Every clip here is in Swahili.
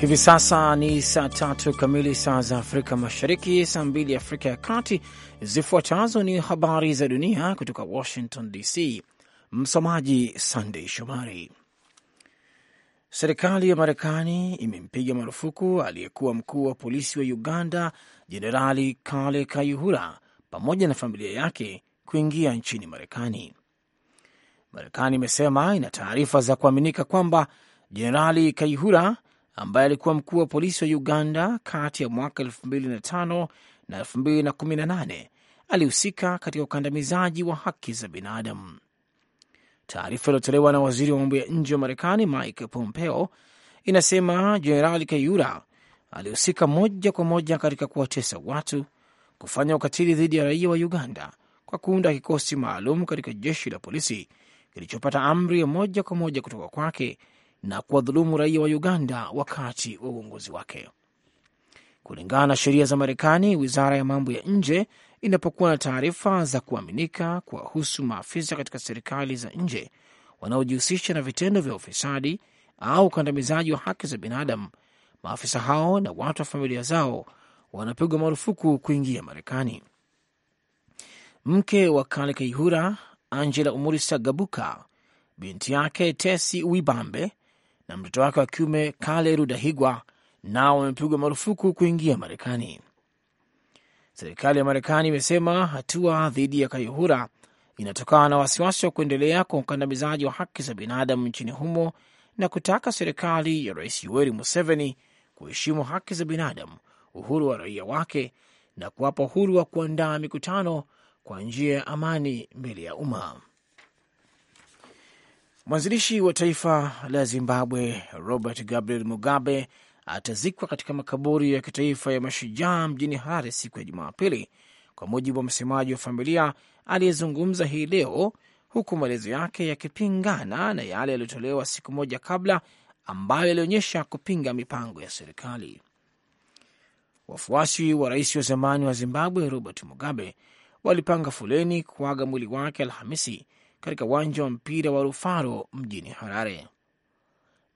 Hivi sasa ni saa tatu kamili saa za Afrika Mashariki, saa mbili Afrika ya Kati. Zifuatazo ni habari za dunia kutoka Washington DC. Msomaji Sandei Shomari. Serikali ya Marekani imempiga marufuku aliyekuwa mkuu wa polisi wa Uganda Jenerali Kale Kayihura pamoja na familia yake kuingia nchini Marekani. Marekani imesema ina taarifa za kuaminika kwamba Jenerali Kayihura ambaye alikuwa mkuu wa polisi wa Uganda kati ya mwaka 2005 na 2018 alihusika katika ukandamizaji wa haki za binadamu. Taarifa iliyotolewa na waziri wa mambo ya nje wa Marekani Mike Pompeo inasema Jenerali Kayura alihusika moja kwa moja katika kuwatesa watu, kufanya ukatili dhidi ya raia wa Uganda kwa kuunda kikosi maalum katika jeshi la polisi kilichopata amri ya moja kwa moja kutoka kwake na kuwadhulumu raia wa Uganda wakati wa uongozi wake. Kulingana na sheria za Marekani, wizara ya mambo ya nje inapokuwa na taarifa za kuaminika kuwahusu maafisa katika serikali za nje wanaojihusisha na vitendo vya ufisadi au ukandamizaji wa haki za binadamu, maafisa hao na watu wa familia zao wanapigwa marufuku kuingia Marekani. Mke wa Kale Kaihura, Angela Umurisa Gabuka, binti yake Tesi Wibambe na mtoto wake wa kiume Kale Rudahigwa nao wamepigwa marufuku kuingia Marekani. Serikali ya Marekani imesema hatua dhidi ya Kayihura inatokana na wasiwasi wa kuendelea kwa ukandamizaji wa haki za binadamu nchini humo na kutaka serikali ya Rais Yoweri Museveni kuheshimu haki za binadamu, uhuru wa raia wake na kuwapa uhuru wa kuandaa mikutano kwa njia ya amani mbele ya umma. Mwanzilishi wa taifa la Zimbabwe Robert Gabriel Mugabe atazikwa katika makaburi ya kitaifa ya mashujaa mjini Harare siku ya Jumapili, kwa mujibu wa msemaji wa familia aliyezungumza hii leo, huku maelezo yake yakipingana na yale yaliyotolewa siku moja kabla ambayo yalionyesha kupinga mipango ya serikali. Wafuasi wa rais wa zamani wa Zimbabwe Robert Mugabe walipanga foleni kuaga mwili wake Alhamisi katika uwanja wa mpira wa Rufaro mjini Harare.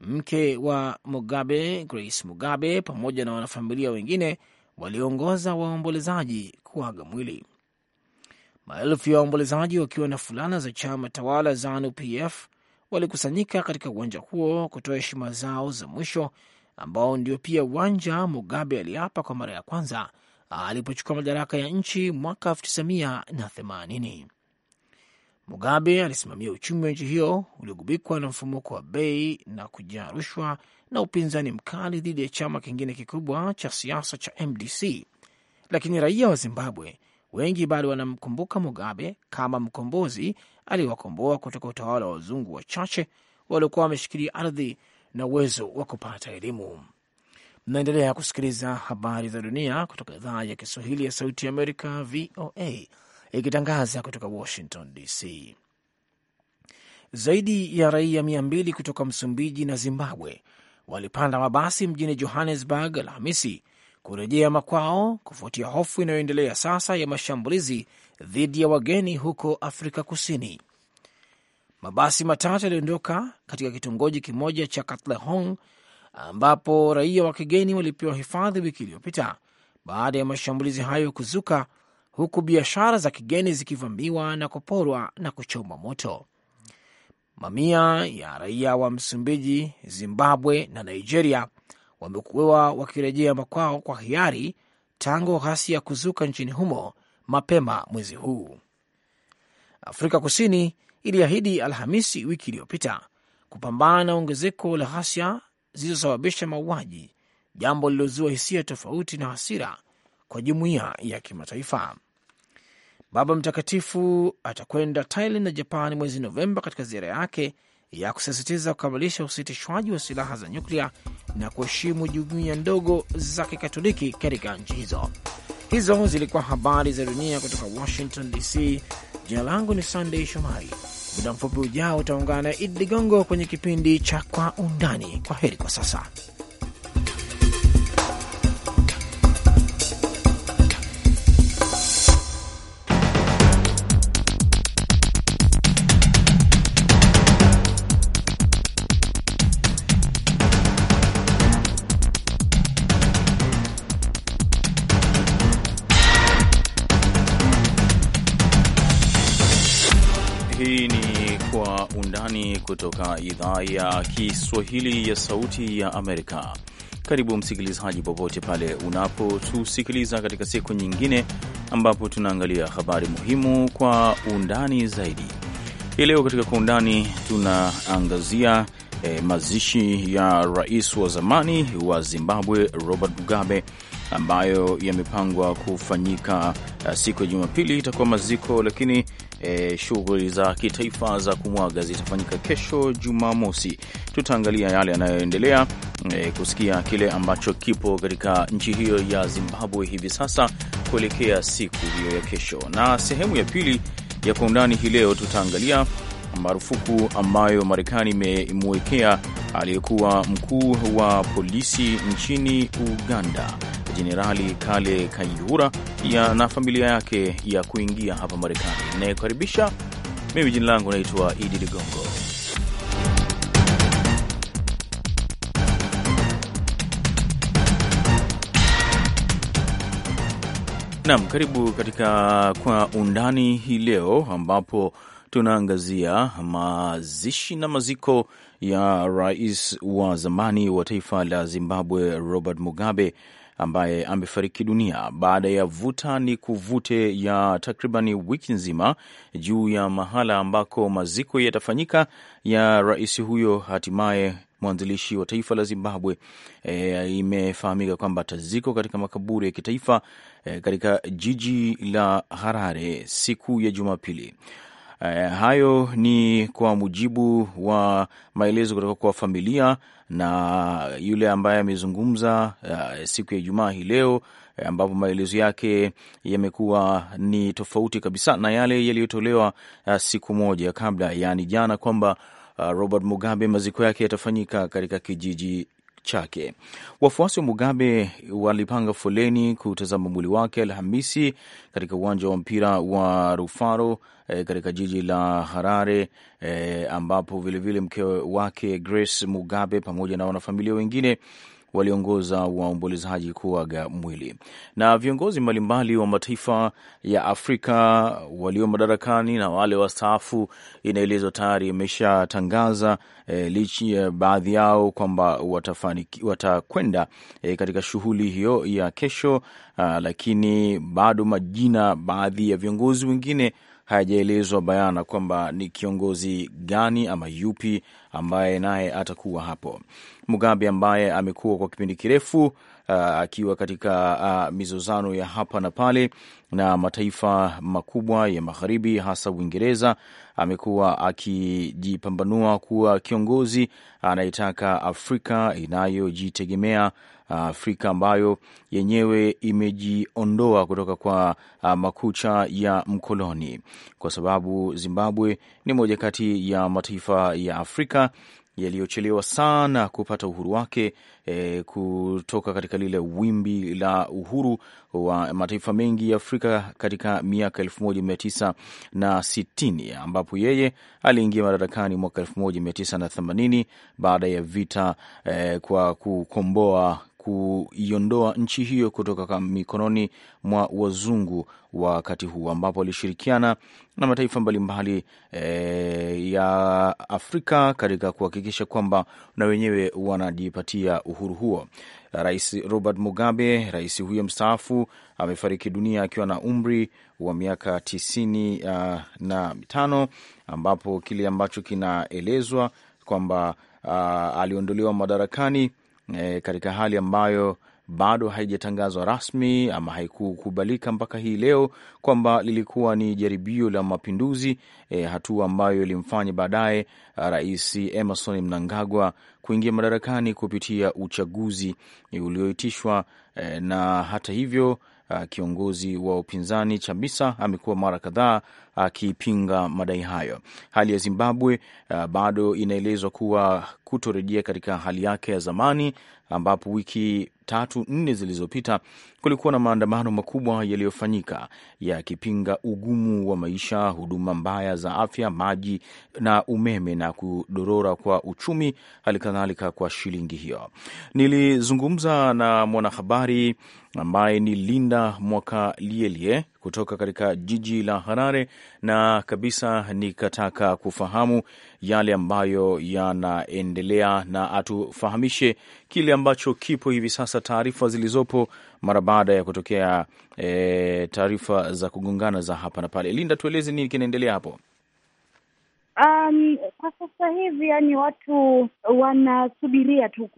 Mke wa Mugabe, Grace Mugabe, pamoja na wanafamilia wengine waliongoza waombolezaji kuaga mwili. Maelfu ya waombolezaji wakiwa na fulana za chama tawala ZANU PF walikusanyika katika uwanja huo kutoa heshima zao za mwisho, ambao ndio pia uwanja Mugabe aliapa kwa mara ya kwanza alipochukua madaraka ya nchi mwaka 1980. Mugabe alisimamia uchumi wa nchi hiyo uliogubikwa na mfumuko wa bei na kujaa rushwa na upinzani mkali dhidi ya chama kingine kikubwa cha siasa cha MDC, lakini raia wa Zimbabwe wengi bado wanamkumbuka Mugabe kama mkombozi aliyewakomboa kutoka utawala wa wazungu wachache waliokuwa wameshikilia ardhi na uwezo wa kupata elimu. Mnaendelea kusikiliza habari za dunia kutoka idhaa ya Kiswahili ya Sauti ya Amerika, VOA, ikitangaza kutoka Washington DC. Zaidi ya raia mia mbili kutoka Msumbiji na Zimbabwe walipanda mabasi mjini Johannesburg Alhamisi kurejea makwao kufuatia hofu inayoendelea sasa ya mashambulizi dhidi ya wageni huko Afrika Kusini. Mabasi matatu yaliondoka katika kitongoji kimoja cha Katlehong ambapo raia wa kigeni walipewa hifadhi wiki iliyopita baada ya mashambulizi hayo kuzuka huku biashara za kigeni zikivamiwa na kuporwa na kuchomwa moto. Mamia ya raia wa Msumbiji, Zimbabwe na Nigeria wamekuwa wakirejea makwao kwa hiari tangu ghasia kuzuka nchini humo mapema mwezi huu. Afrika Kusini iliahidi Alhamisi wiki iliyopita kupambana na ongezeko la ghasia zilizosababisha mauaji, jambo lililozua hisia tofauti na hasira kwa jumuiya ya kimataifa. Baba Mtakatifu atakwenda Thailand na Japan mwezi Novemba katika ziara yake ya kusisitiza kukamilisha usitishwaji wa silaha za nyuklia na kuheshimu jumuiya ndogo za kikatoliki katika nchi hizo. Hizo zilikuwa habari za dunia kutoka Washington DC. Jina langu ni Sandey Shomari. Muda mfupi ujao utaungana na Idi Ligongo kwenye kipindi cha Kwa Undani. Kwa heri kwa sasa. kutoka idhaa ya Kiswahili ya Sauti ya Amerika. Karibu msikilizaji, popote pale unapotusikiliza katika siku nyingine ambapo tunaangalia habari muhimu kwa undani zaidi. Hii leo katika kwa undani tunaangazia eh, mazishi ya rais wa zamani wa Zimbabwe Robert Mugabe ambayo yamepangwa kufanyika eh, siku ya Jumapili, itakuwa maziko, lakini e, shughuli za kitaifa za kumwaga zitafanyika kesho Jumamosi. Tutaangalia yale yanayoendelea, e, kusikia kile ambacho kipo katika nchi hiyo ya Zimbabwe hivi sasa kuelekea siku hiyo ya kesho, na sehemu ya pili ya kwa undani hii leo tutaangalia marufuku ambayo Marekani imemwekea aliyekuwa mkuu wa polisi nchini Uganda Jenerali Kale Kayihura ya na familia yake ya kuingia hapa Marekani. inayekaribisha mimi, jina langu naitwa Idi Ligongo. Naam, karibu katika Kwa Undani hii leo ambapo tunaangazia mazishi na maziko ya rais wa zamani wa taifa la Zimbabwe Robert Mugabe ambaye amefariki dunia baada ya vuta ni kuvute ya takribani wiki nzima juu ya mahala ambako maziko yatafanyika ya rais huyo. Hatimaye mwanzilishi wa taifa la Zimbabwe e, imefahamika kwamba taziko katika makaburi ya kitaifa e, katika jiji la Harare siku ya Jumapili. Eh, hayo ni kwa mujibu wa maelezo kutoka kwa familia na yule ambaye amezungumza eh, siku ya Ijumaa hii leo eh, ambapo maelezo yake yamekuwa ni tofauti kabisa na yale yaliyotolewa eh, siku moja kabla, yaani jana, kwamba eh, Robert Mugabe maziko yake yatafanyika katika kijiji chake. Wafuasi wa Mugabe walipanga foleni kutazama mwili wake Alhamisi katika uwanja wa mpira wa Rufaro e, katika jiji la Harare e, ambapo vilevile mke wake Grace Mugabe pamoja na wanafamilia wengine waliongoza waombolezaji kuaga mwili. Na viongozi mbalimbali wa mataifa ya Afrika walio madarakani na wale wastaafu, inaelezwa tayari imeshatangaza e, lichi e, baadhi yao kwamba watakwenda e, katika shughuli hiyo ya kesho a, ah, lakini bado majina baadhi ya viongozi wengine hayajaelezwa bayana kwamba ni kiongozi gani ama yupi ambaye naye atakuwa hapo. Mugabe ambaye amekuwa kwa kipindi kirefu uh, akiwa katika uh, mizozano ya hapa na pale na mataifa makubwa ya magharibi hasa Uingereza, amekuwa akijipambanua kuwa kiongozi anayetaka Afrika inayojitegemea Ah, Afrika ambayo yenyewe imejiondoa kutoka kwa ah, makucha ya mkoloni, kwa sababu Zimbabwe ni moja kati ya mataifa ya Afrika yaliyochelewa sana kupata uhuru wake e, kutoka katika lile wimbi la uhuru wa mataifa mengi ya Afrika katika miaka elfu moja mia tisa na sitini ambapo yeye aliingia madarakani mwaka elfu moja mia tisa na themanini baada ya vita e, kwa kukomboa kuiondoa nchi hiyo kutoka mikononi mwa wazungu wakati huu, ambapo walishirikiana na mataifa mbalimbali e, ya Afrika katika kuhakikisha kwamba na wenyewe wanajipatia uhuru huo. Rais Robert Mugabe, rais huyo mstaafu, amefariki dunia akiwa na umri wa miaka tisini uh, na mitano, ambapo kile ambacho kinaelezwa kwamba uh, aliondolewa madarakani e, katika hali ambayo bado haijatangazwa rasmi ama haikukubalika mpaka hii leo kwamba lilikuwa ni jaribio la mapinduzi e, hatua ambayo ilimfanya baadaye uh, Rais Emerson Mnangagwa kuingia madarakani kupitia uchaguzi ulioitishwa e, na hata hivyo uh, kiongozi wa upinzani Chamisa amekuwa mara kadhaa akipinga madai hayo. Hali ya Zimbabwe uh, bado inaelezwa kuwa kutorejea katika hali yake ya zamani, ambapo wiki tatu nne zilizopita kulikuwa na maandamano makubwa yaliyofanyika yakipinga ugumu wa maisha, huduma mbaya za afya, maji na umeme, na kudorora kwa uchumi, hali kadhalika kwa shilingi hiyo. Nilizungumza na mwanahabari ambaye ni Linda Mwakalielie kutoka katika jiji la Harare, na kabisa nikataka kufahamu yale ambayo yanaendelea na atufahamishe kile ambacho kipo hivi sasa, taarifa zilizopo mara baada ya kutokea e, taarifa za kugongana za hapa na pale. Linda, tueleze nini kinaendelea hapo? Um, kwa sasa hivi yani watu wanasubiria tu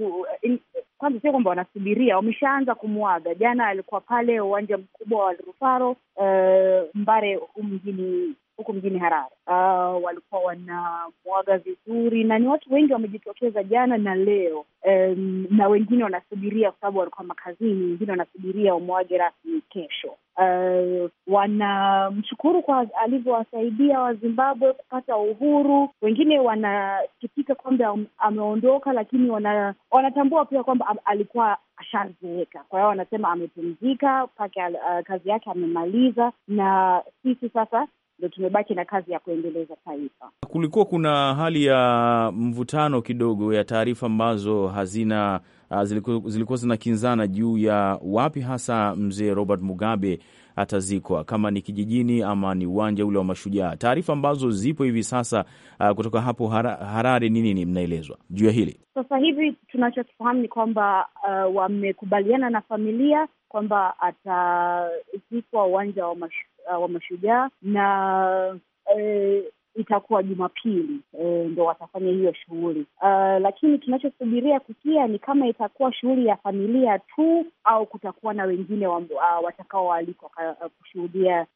kwanza sio kwamba wanasubiria, wameshaanza kumwaga. Jana alikuwa pale uwanja mkubwa wa rufaro uh, Mbare, huu mjini huku mjini Harare. Uh, walikuwa wanamwaga vizuri na ni watu wengi wamejitokeza jana na leo um, na wengine wanasubiria kwa sababu walikuwa makazini, wengine wanasubiria wamwage rasmi kesho. Uh, wanamshukuru kwa alivyowasaidia Wazimbabwe kupata uhuru. Wengine wanasikitika kwamba ameondoka, lakini wana, wanatambua pia kwamba alikuwa ashazeeka. Kwa hiyo wanasema amepumzika pake, uh, kazi yake amemaliza, na sisi sasa ndo tumebaki na kazi ya kuendeleza taifa. Kulikuwa kuna hali ya mvutano kidogo ya taarifa ambazo hazina ah, ziliku, zilikuwa zinakinzana juu ya wapi hasa mzee Robert Mugabe atazikwa kama ni kijijini ama ni uwanja ule wa Mashujaa. Taarifa ambazo zipo hivi sasa uh, kutoka hapo Harare ni nini mnaelezwa juu ya hili? Sasa hivi tunachokifahamu ni kwamba uh, wamekubaliana na familia kwamba atazikwa uwanja wa, mash, wa Mashujaa na eh, itakuwa Jumapili e, ndo watafanya hiyo shughuli uh, lakini tunachosubiria kusikia ni kama itakuwa shughuli ya familia tu au kutakuwa na wengine uh, watakaoalikwa uh, kushuhudia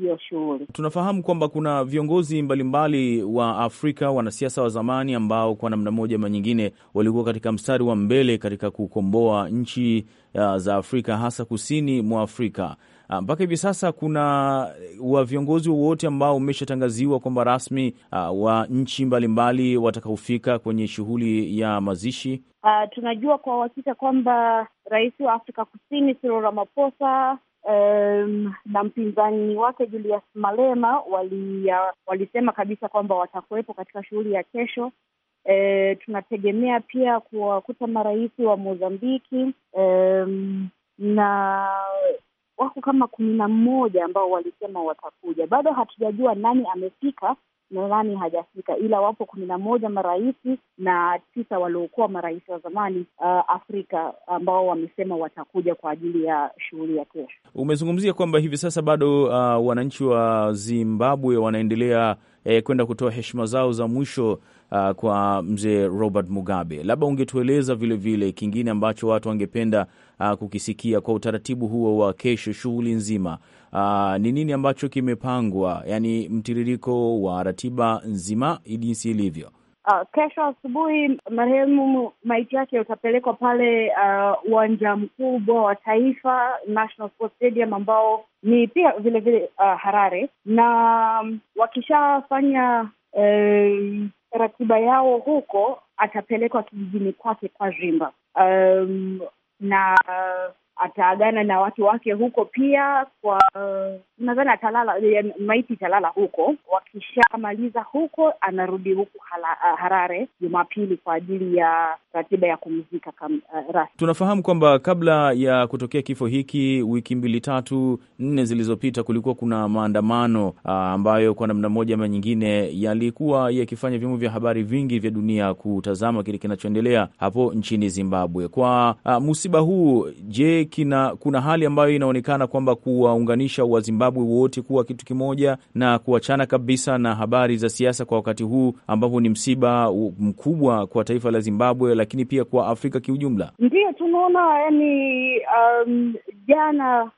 hiyo uh, shughuli. Tunafahamu kwamba kuna viongozi mbalimbali mbali wa Afrika, wanasiasa wa zamani ambao kwa namna moja ama nyingine walikuwa katika mstari wa mbele katika kukomboa nchi uh, za Afrika hasa kusini mwa Afrika. Ah, mpaka hivi sasa kuna eh, wa viongozi wowote ambao umeshatangaziwa kwamba rasmi uh, wa nchi mbalimbali watakaofika kwenye shughuli ya mazishi? Uh, tunajua kwa uhakika kwamba rais wa Afrika Kusini Cyril Ramaphosa Um, na mpinzani wake Julius Malema wali, uh, walisema kabisa kwamba watakuwepo katika shughuli ya kesho. E, tunategemea pia kuwakuta marais wa Mozambiki um, na wako kama kumi na mmoja ambao walisema watakuja. Bado hatujajua nani amefika na nani hajafika, ila wapo kumi na moja marais na tisa waliokuwa marais wa zamani uh, Afrika ambao wamesema watakuja kwa ajili ya shughuli ya kesho. Umezungumzia kwamba hivi sasa bado uh, wananchi wa Zimbabwe wanaendelea eh, kwenda kutoa heshima zao za mwisho uh, kwa mzee Robert Mugabe. Labda ungetueleza vilevile kingine ambacho watu wangependa uh, kukisikia kwa utaratibu huo wa kesho, shughuli nzima uh, ni uh, nini ambacho kimepangwa, yani mtiririko wa ratiba nzima jinsi ilivyo? Uh, kesho asubuhi marehemu maiti yake utapelekwa pale uh, uwanja uh, mkubwa wa taifa National Sports Stadium ambao ni pia vilevile vile, uh, Harare na wakishafanya um, ratiba yao huko, atapelekwa kijijini kwake kwa Zimba um, na uh, ataagana na watu wake huko pia kwa uh, nadhani atalala, maiti italala huko. Wakishamaliza huko, anarudi huku hala, Harare Jumapili kwa ajili ya ratiba ya kumzika uh, rasmi. Tunafahamu kwamba kabla ya kutokea kifo hiki, wiki mbili tatu nne zilizopita, kulikuwa kuna maandamano uh, ambayo kwa namna moja ama nyingine yalikuwa yakifanya vyombo vya habari vingi vya dunia kutazama kile kinachoendelea hapo nchini Zimbabwe. Kwa uh, ah, musiba huu, je kina, kuna hali ambayo inaonekana kwamba kuwaunganisha Wazimbabwe wote kuwa kitu kimoja na kuachana kabisa na habari za siasa kwa wakati huu ambapo ni msiba mkubwa kwa taifa la Zimbabwe, lakini pia kwa Afrika kiujumla. ndio tunaona yani, um, jana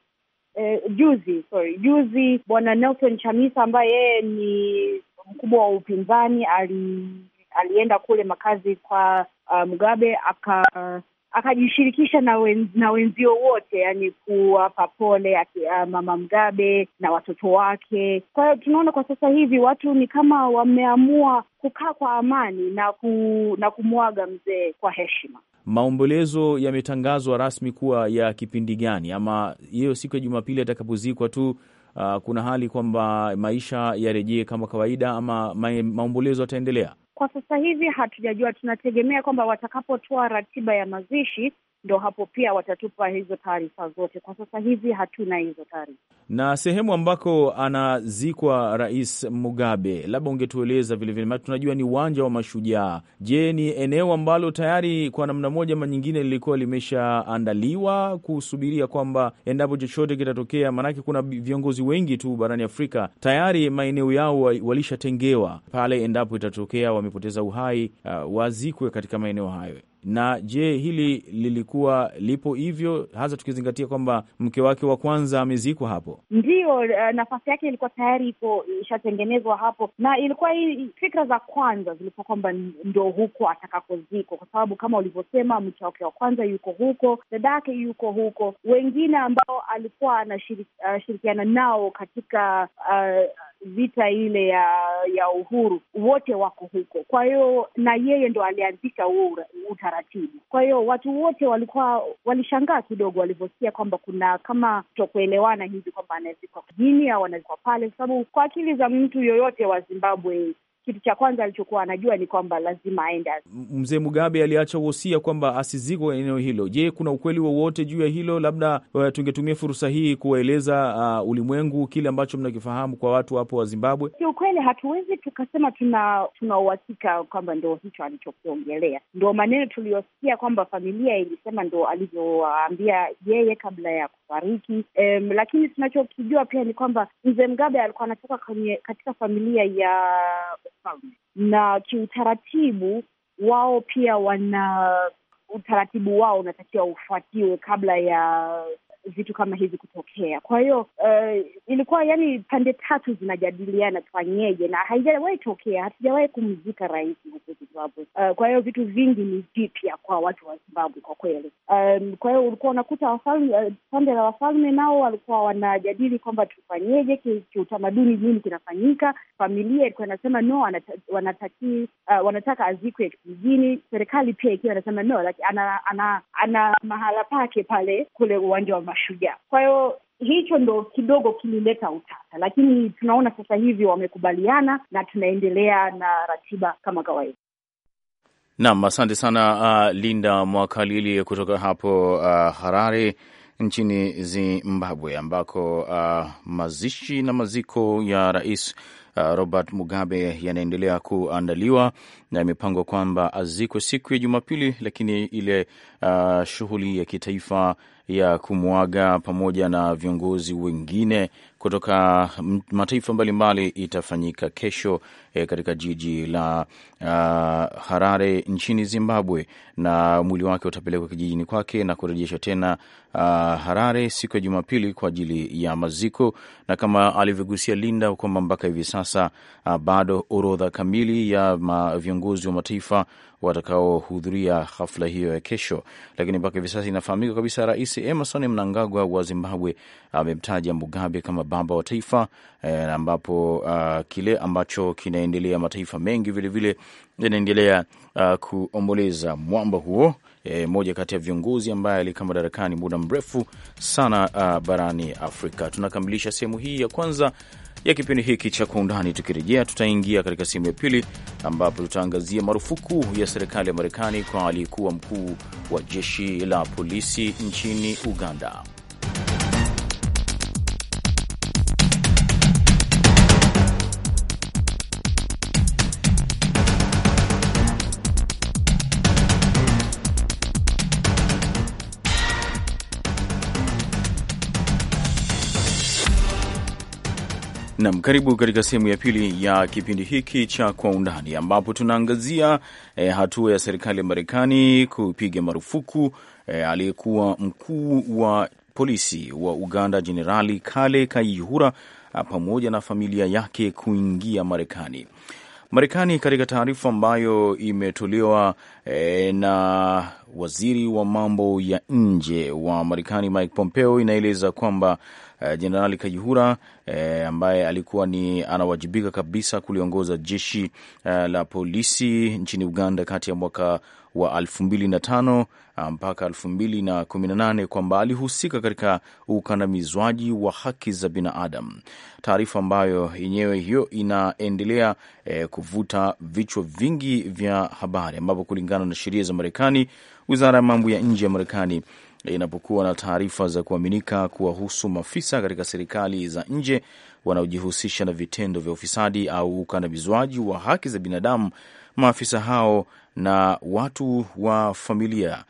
eh, juzi sorry, juzi bwana Nelson Chamisa ambaye yeye ni mkubwa wa upinzani ali, alienda kule makazi kwa uh, Mugabe aka uh, akajishirikisha na, wen, na wenzio wote, yani kuwapa pole ah, mama mgabe na watoto wake. Kwa hiyo tunaona kwa sasa hivi watu ni kama wameamua kukaa kwa amani na, ku, na kumwaga mzee kwa heshima. Maombolezo yametangazwa rasmi kuwa ya kipindi gani? Ama hiyo siku ya Jumapili atakapozikwa tu uh, kuna hali kwamba maisha yarejee kama kawaida, ama maombolezo yataendelea? Kwa sasa hivi hatujajua, tunategemea kwamba watakapotoa ratiba ya mazishi ndo hapo pia watatupa hizo taarifa zote. Kwa sasa hivi hatuna hizo taarifa. Na sehemu ambako anazikwa Rais Mugabe, labda ungetueleza vilevile, tunajua ni uwanja wa Mashujaa. Je, ni eneo ambalo tayari kwa namna moja ama nyingine lilikuwa limeshaandaliwa kusubiria kwamba endapo chochote kitatokea? Maanake kuna viongozi wengi tu barani Afrika tayari maeneo yao walishatengewa pale, endapo itatokea wamepoteza uhai, uh, wazikwe katika maeneo hayo. Na je, hili lilikuwa lipo hivyo, hasa tukizingatia kwamba mke wake wa kwanza amezikwa hapo? Ndiyo, eh, nafasi yake ilikuwa tayari ipo ishatengenezwa hapo, na ilikuwa hii fikra za kwanza zilikuwa kwamba ndo huko atakakozikwa, kwa sababu kama ulivyosema, mke wake wa kwanza yuko huko, dada yake yuko huko, wengine ambao alikuwa anashirikiana uh, nao katika uh, vita ile ya ya uhuru, wote wako huko. Kwa hiyo na yeye ndo alianzisha huo utaratibu. Kwa hiyo watu wote walikuwa walishangaa kidogo walivyosikia kwamba kuna kama kutokuelewana hivi kwamba anazikwa jini au anawezikwa pale, kwa sababu kwa akili za mtu yoyote wa Zimbabwe kitu cha kwanza alichokuwa anajua ni kwamba lazima aende. Mzee Mugabe aliacha wosia kwamba asizikwe eneo hilo. Je, kuna ukweli wowote juu ya hilo? Labda uh, tungetumia fursa hii kuwaeleza uh, ulimwengu kile ambacho mnakifahamu kwa watu hapo wa Zimbabwe. Si ukweli, hatuwezi tukasema tuna tuna uhakika kwamba ndo hicho alichokiongelea, ndo maneno tuliyosikia kwamba familia ilisema ndo alivyowaambia yeye kabla ya kufariki. Um, lakini tunachokijua pia ni kwamba mzee Mugabe alikuwa anatoka kwenye katika familia ya mfalme, na kiutaratibu wao pia wana utaratibu wao unatakiwa ufuatiwe kabla ya vitu kama hivi kutokea. Kwa hiyo uh, ilikuwa yani pande tatu zinajadiliana tufanyeje, na haijawahi tokea, hatujawahi kumzika rais huku Zimbabwe. Uh, kwa hiyo vitu vingi ni vipya kwa watu wa Zimbabwe kwa kweli. Um, kwa hiyo ulikuwa unakuta pande uh, pande la wafalme nao walikuwa wanajadili kwamba tufanyeje kiutamaduni, nini kinafanyika. Familia ilikuwa inasema no, wanata, wanataki, uh, wanataka azikwe kijijini. Serikali pia ikiwa inasema no, like, ana, ana, ana, ana mahala pake pale kule uwanja wa mashujaa. Kwa hiyo hicho ndo kidogo kilileta utata, lakini tunaona sasa hivi wamekubaliana na tunaendelea na ratiba kama kawaida. Naam, asante sana uh, Linda Mwakalili kutoka hapo uh, Harare nchini Zimbabwe ambako uh, mazishi na maziko ya rais uh, Robert Mugabe yanaendelea kuandaliwa na imepangwa kwamba azikwe siku ya Jumapili, lakini ile uh, shughuli ya kitaifa ya kumwaga pamoja na viongozi wengine kutoka mataifa mbalimbali itafanyika kesho eh, katika jiji la uh, Harare nchini Zimbabwe, na mwili wake utapelekwa kijijini kwake na kurejeshwa tena uh, Harare siku ya Jumapili kwa ajili ya maziko, na kama alivyogusia Linda kwamba mpaka hivi sasa uh, bado orodha kamili ya ma, viongozi wa mataifa watakaohudhuria hafla hiyo ya kesho. Lakini mpaka hivi sasa inafahamika kabisa, Rais Emerson Mnangagwa wa Zimbabwe amemtaja Mugabe kama baba wa taifa e, ambapo a, kile ambacho kinaendelea, mataifa mengi vilevile yanaendelea uh, kuomboleza mwamba huo. E, moja kati ya viongozi ambaye alikaa madarakani muda mrefu sana a, barani Afrika. Tunakamilisha sehemu hii ya kwanza ya kipindi hiki cha Kwa Undani. Tukirejea tutaingia katika sehemu ya pili, ambapo tutaangazia marufuku ya serikali ya Marekani kwa aliyekuwa mkuu wa jeshi la polisi nchini Uganda. Nam, karibu katika sehemu ya pili ya kipindi hiki cha Kwa Undani, ambapo tunaangazia e, hatua ya serikali ya Marekani kupiga marufuku e, aliyekuwa mkuu wa polisi wa Uganda Jenerali Kale Kayihura ah, pamoja na familia yake kuingia Marekani. Marekani katika taarifa ambayo imetolewa e, na waziri wa mambo ya nje wa Marekani Mike Pompeo inaeleza kwamba Eh, Jenerali kayihura Kajihura eh, ambaye alikuwa ni anawajibika kabisa kuliongoza jeshi uh, la polisi nchini Uganda kati ya mwaka wa 2005 ah, mpaka 2018 kwamba alihusika katika ukandamizwaji wa haki za binadamu, taarifa ambayo yenyewe hiyo inaendelea e, kuvuta vichwa vingi vya habari, ambapo kulingana na sheria za Marekani, wizara ya mambo ya nje ya Marekani Eh, inapokuwa na taarifa za kuaminika kuwahusu maafisa katika serikali za nje wanaojihusisha na vitendo vya ufisadi au ukandamizwaji wa haki za binadamu, maafisa hao na watu wa familia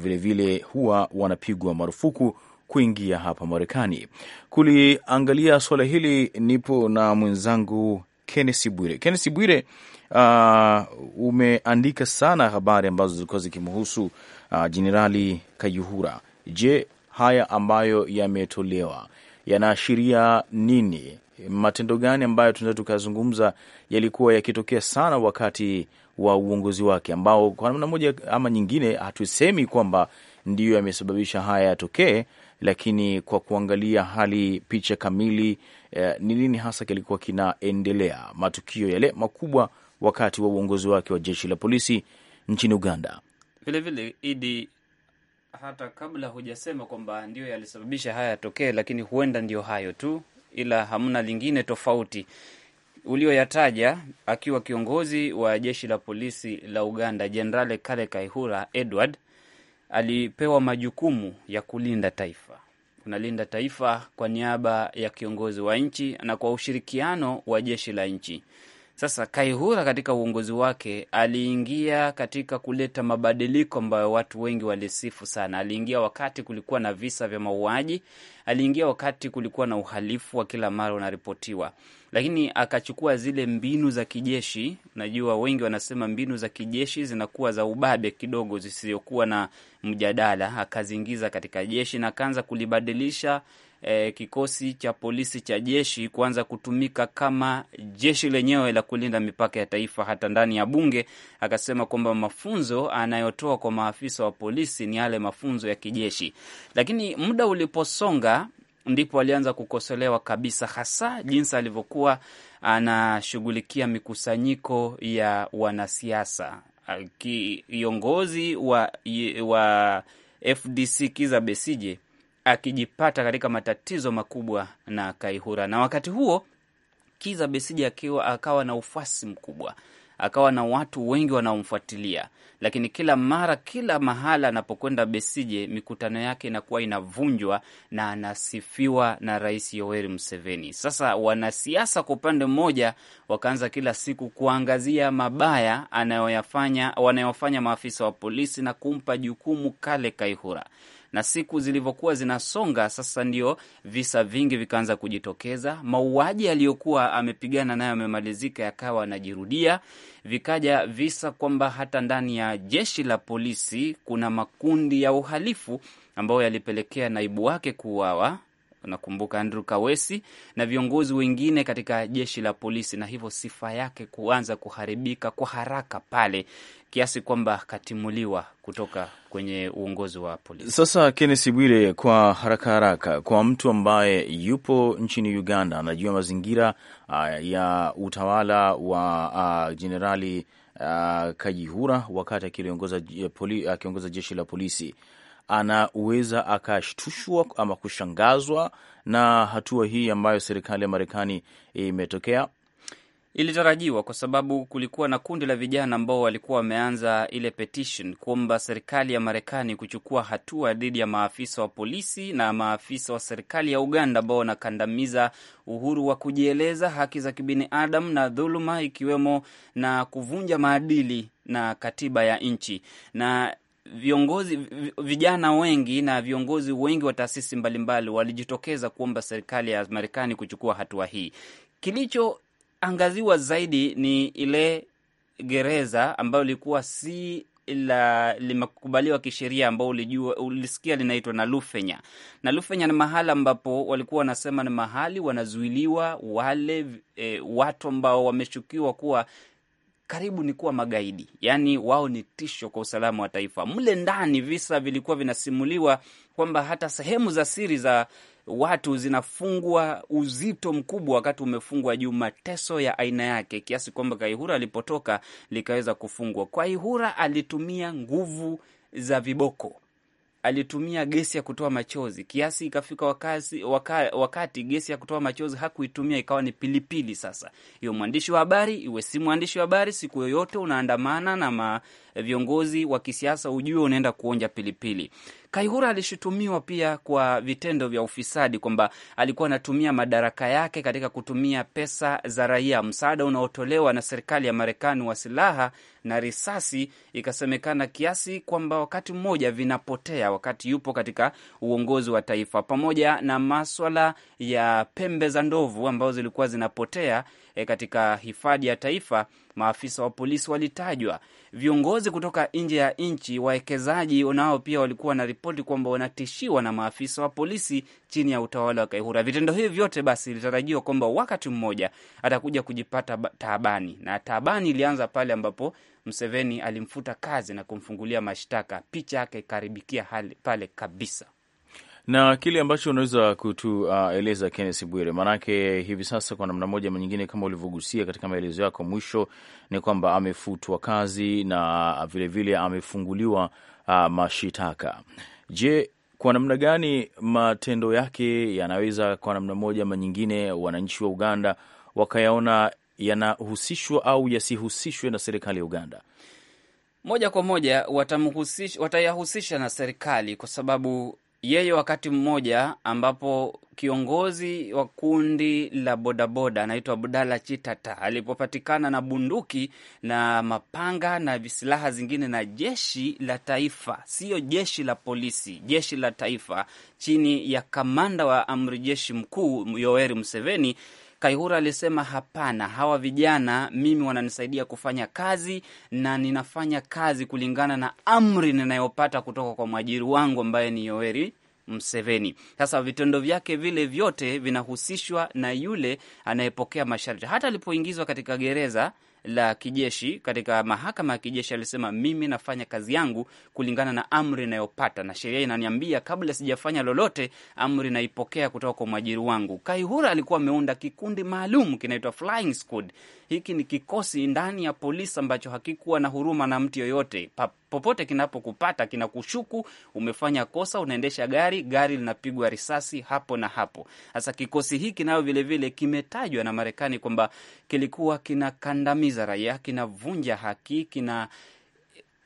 vilevile ah, vile huwa wanapigwa marufuku kuingia hapa Marekani. Kuliangalia suala hili nipo na mwenzangu Kennesi Bwire. Kennesi Bwire, uh, umeandika sana habari ambazo zilikuwa zikimhusu Ah, Jenerali uh, Je, haya ambayo yametolewa yanaashiria nini? Matendo gani ambayo tunaweza tukazungumza yalikuwa yakitokea sana wakati wa uongozi wake, ambao kwa namna moja ama nyingine hatusemi kwamba ndiyo yamesababisha haya yatokee, lakini kwa kuangalia hali picha kamili eh, ni eh, nini hasa kilikuwa kinaendelea, matukio yale makubwa wakati wa uongozi wake wa jeshi la polisi nchini Uganda. Vilevile Idi, hata kabla hujasema kwamba ndio yalisababisha haya yatokee, lakini huenda ndio hayo tu, ila hamna lingine tofauti ulioyataja. Akiwa kiongozi wa jeshi la polisi la Uganda, Jenerali Kale Kaihura Edward alipewa majukumu ya kulinda taifa. Unalinda taifa kwa niaba ya kiongozi wa nchi na kwa ushirikiano wa jeshi la nchi. Sasa Kaihura katika uongozi wake aliingia katika kuleta mabadiliko ambayo watu wengi walisifu sana. Aliingia wakati kulikuwa na visa vya mauaji, aliingia wakati kulikuwa na uhalifu wa kila mara unaripotiwa, lakini akachukua zile mbinu za kijeshi. Najua wengi wanasema mbinu za kijeshi zinakuwa za ubabe kidogo, zisizokuwa na mjadala, akaziingiza katika jeshi na akaanza kulibadilisha eh, kikosi cha polisi cha jeshi kuanza kutumika kama jeshi lenyewe la kulinda mipaka ya taifa hata ndani ya bunge. Akasema kwamba mafunzo anayotoa kwa maafisa wa polisi ni yale mafunzo ya kijeshi, lakini muda uliposonga ndipo alianza kukosolewa kabisa, hasa jinsi alivyokuwa anashughulikia mikusanyiko ya wanasiasa. Kiongozi wa, wa FDC Kiza Besije akijipata katika matatizo makubwa na Kaihura, na wakati huo Kiza Besije akiwa akawa na ufuasi mkubwa, akawa na watu wengi wanaomfuatilia, lakini kila mara, kila mahala anapokwenda Besije, mikutano yake inakuwa inavunjwa na anasifiwa na Rais Yoweri Museveni. Sasa wanasiasa kwa upande mmoja wakaanza kila siku kuangazia mabaya anayoyafanya wanayofanya maafisa wa polisi na kumpa jukumu Kale Kaihura na siku zilivyokuwa zinasonga sasa, ndio visa vingi vikaanza kujitokeza. Mauaji aliyokuwa amepigana nayo amemalizika, yakawa anajirudia. Vikaja visa kwamba hata ndani ya jeshi la polisi kuna makundi ya uhalifu ambayo yalipelekea naibu wake kuuawa nakumbuka Andrew Kawesi na viongozi wengine katika jeshi la polisi, na hivyo sifa yake kuanza kuharibika kwa haraka pale kiasi kwamba katimuliwa kutoka kwenye uongozi wa polisi. Sasa Kennes Bwire, kwa haraka haraka, kwa mtu ambaye yupo nchini Uganda anajua mazingira uh, ya utawala wa ah, jenerali uh, uh, wakati akiongoza jeshi la polisi anaweza akashtushwa ama kushangazwa na hatua hii ambayo serikali ya Marekani imetokea ilitarajiwa kwa sababu kulikuwa na kundi la vijana ambao walikuwa wameanza ile petition kuomba serikali ya Marekani kuchukua hatua dhidi ya maafisa wa polisi na maafisa wa serikali ya Uganda ambao wanakandamiza uhuru wa kujieleza, haki za kibinadamu na dhuluma, ikiwemo na kuvunja maadili na katiba ya nchi na viongozi vijana wengi na viongozi wengi wa taasisi mbalimbali walijitokeza kuomba serikali ya Marekani kuchukua hatua hii. Kilicho angaziwa zaidi ni ile gereza ambayo ilikuwa si la limekubaliwa kisheria ambao ulijua ulisikia linaitwa Nalufenya. Nalufenya ni mahala ambapo walikuwa wanasema ni mahali wanazuiliwa wale e, watu ambao wameshukiwa kuwa karibu ni kuwa magaidi, yaani wao ni tisho kwa usalama wa taifa. Mle ndani visa vilikuwa vinasimuliwa kwamba hata sehemu za siri za watu zinafungwa uzito mkubwa, wakati umefungwa juu, mateso ya aina yake, kiasi kwamba Kaihura alipotoka likaweza kufungwa. Kaihura alitumia nguvu za viboko alitumia gesi ya kutoa machozi kiasi ikafika wakati, wakati gesi ya kutoa machozi hakuitumia ikawa ni pilipili. Sasa hiyo mwandishi wa habari iwe si mwandishi wa habari, siku yoyote unaandamana na ma, viongozi wa kisiasa, ujue unaenda kuonja pilipili. Kaihura alishutumiwa pia kwa vitendo vya ufisadi, kwamba alikuwa anatumia madaraka yake katika kutumia pesa za raia, msaada unaotolewa na serikali ya Marekani wa silaha na risasi, ikasemekana kiasi kwamba wakati mmoja vinapotea wakati yupo katika uongozi wa taifa, pamoja na maswala ya pembe za ndovu ambazo zilikuwa zinapotea e, katika hifadhi ya taifa, maafisa wa polisi walitajwa, viongozi kutoka nje ya nchi, wawekezaji nao pia walikuwa na ripoti kwamba wanatishiwa na maafisa wa polisi chini ya utawala wa Kaihura. Vitendo hivi vyote basi ilitarajiwa kwamba wakati mmoja atakuja kujipata taabani, na taabani ilianza pale ambapo Mseveni alimfuta kazi na kumfungulia mashtaka, picha yake ikaribikia hali pale kabisa na kile ambacho unaweza kutueleza uh, Kennes Bwire, maanake hivi sasa kwa namna moja ama nyingine, kama ulivyogusia katika maelezo yako mwisho, ni kwamba amefutwa kazi na vilevile vile amefunguliwa uh, mashitaka. Je, kwa namna gani matendo yake yanaweza kwa namna moja ama nyingine wananchi wa Uganda wakayaona yanahusishwa au yasihusishwe na serikali ya Uganda? Moja kwa moja watayahusisha na serikali kwa sababu yeye wakati mmoja ambapo kiongozi wa kundi la bodaboda anaitwa Abdala Chitata alipopatikana na bunduki na mapanga na silaha zingine na jeshi la taifa, siyo jeshi la polisi, jeshi la taifa chini ya kamanda wa amri jeshi mkuu Yoweri Museveni Kaihura alisema hapana, hawa vijana mimi wananisaidia kufanya kazi na ninafanya kazi kulingana na amri ninayopata kutoka kwa mwajiri wangu ambaye ni Yoweri Mseveni. Sasa vitendo vyake vile vyote vinahusishwa na yule anayepokea masharti. Hata alipoingizwa katika gereza la kijeshi katika mahakama ya kijeshi alisema, mimi nafanya kazi yangu kulingana na amri inayopata na sheria inaniambia, kabla sijafanya lolote, amri naipokea kutoka kwa mwajiri wangu. Kaihura alikuwa ameunda kikundi maalum kinaitwa Flying Squad. Hiki ni kikosi ndani ya polisi ambacho hakikuwa na huruma na mtu yoyote popote kinapokupata kinakushuku umefanya kosa, unaendesha gari, gari linapigwa risasi hapo na hapo. Sasa kikosi hiki nayo vilevile kimetajwa na Marekani kwamba kilikuwa kinakandamiza raia, kinavunja haki, kina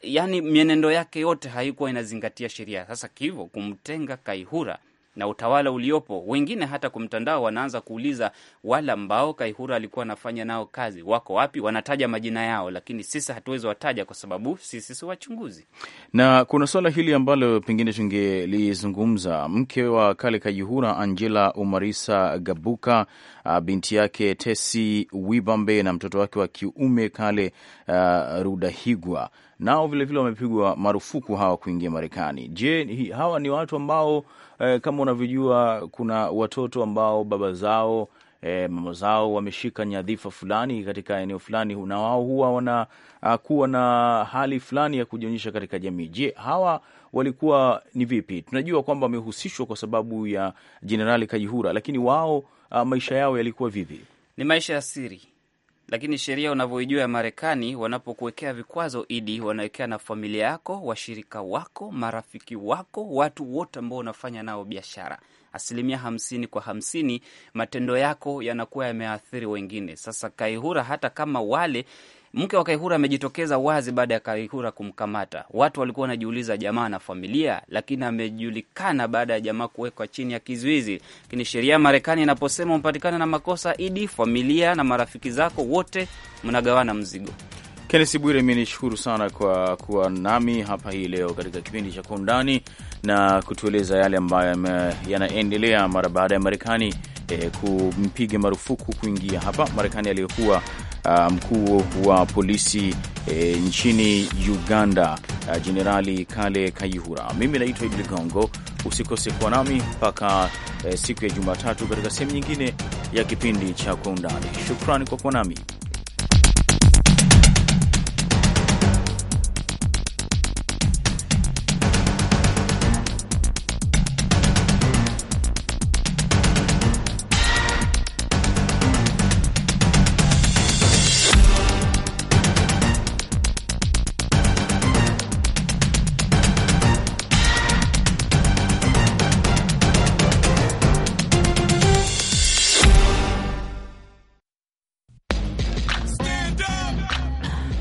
yani mienendo yake yote haikuwa inazingatia sheria. Sasa hivyo kumtenga Kaihura na utawala uliopo. Wengine hata mtandao wanaanza kuuliza wale ambao Kaihura alikuwa anafanya nao kazi wako wapi, wanataja majina yao, lakini sisi hatuwezi wataja kwa sababu sisi si wachunguzi. Na kuna suala hili ambalo pengine tungelizungumza, mke wa Kale Kaihura Angela Umarisa Gabuka, ah, binti yake Tesi Wibambe na mtoto wake wa kiume Kale uh, Rudahigwa nao vilevile wamepigwa marufuku hawa kuingia Marekani. Je, hawa ni watu ambao eh, kama unavyojua kuna watoto ambao baba zao E, mama zao wameshika nyadhifa fulani katika eneo fulani, na wao huwa wanakuwa ah, na hali fulani ya kujionyesha katika jamii. Je, hawa walikuwa ni vipi? Tunajua kwamba wamehusishwa kwa sababu ya Jenerali kajihura lakini wao a, ah, maisha yao yalikuwa vipi? Ni maisha ya siri lakini sheria unavyoijua ya Marekani, wanapokuwekea vikwazo idi, wanawekea na familia yako, washirika wako, marafiki wako, watu wote ambao unafanya nao biashara, asilimia hamsini kwa hamsini. Matendo yako yanakuwa yameathiri wengine. Sasa Kaihura, hata kama wale Mke wa Kaihura amejitokeza wazi baada ya Kaihura kumkamata. Watu walikuwa wanajiuliza jamaa na familia, lakini amejulikana baada ya jamaa kuwekwa chini ya kizuizi. Lakini sheria ya Marekani inaposema umepatikana na makosa, Idi, familia na marafiki zako wote mnagawana mzigo. Kenesi Bwire, mi nishukuru sana kwa kuwa nami hapa hii leo katika kipindi cha Kwa Undani na kutueleza yale ambayo yanaendelea mara baada ya Marekani eh, kumpiga marufuku kuingia hapa Marekani aliyokuwa uh, mkuu wa polisi e, nchini Uganda ah, Jenerali Kale Kayihura. Mimi naitwa Idi Ligongo, usikose kuwa nami mpaka e, siku ya Jumatatu katika sehemu nyingine ya kipindi cha Kwa Undani. Shukrani kwa kuwa nami.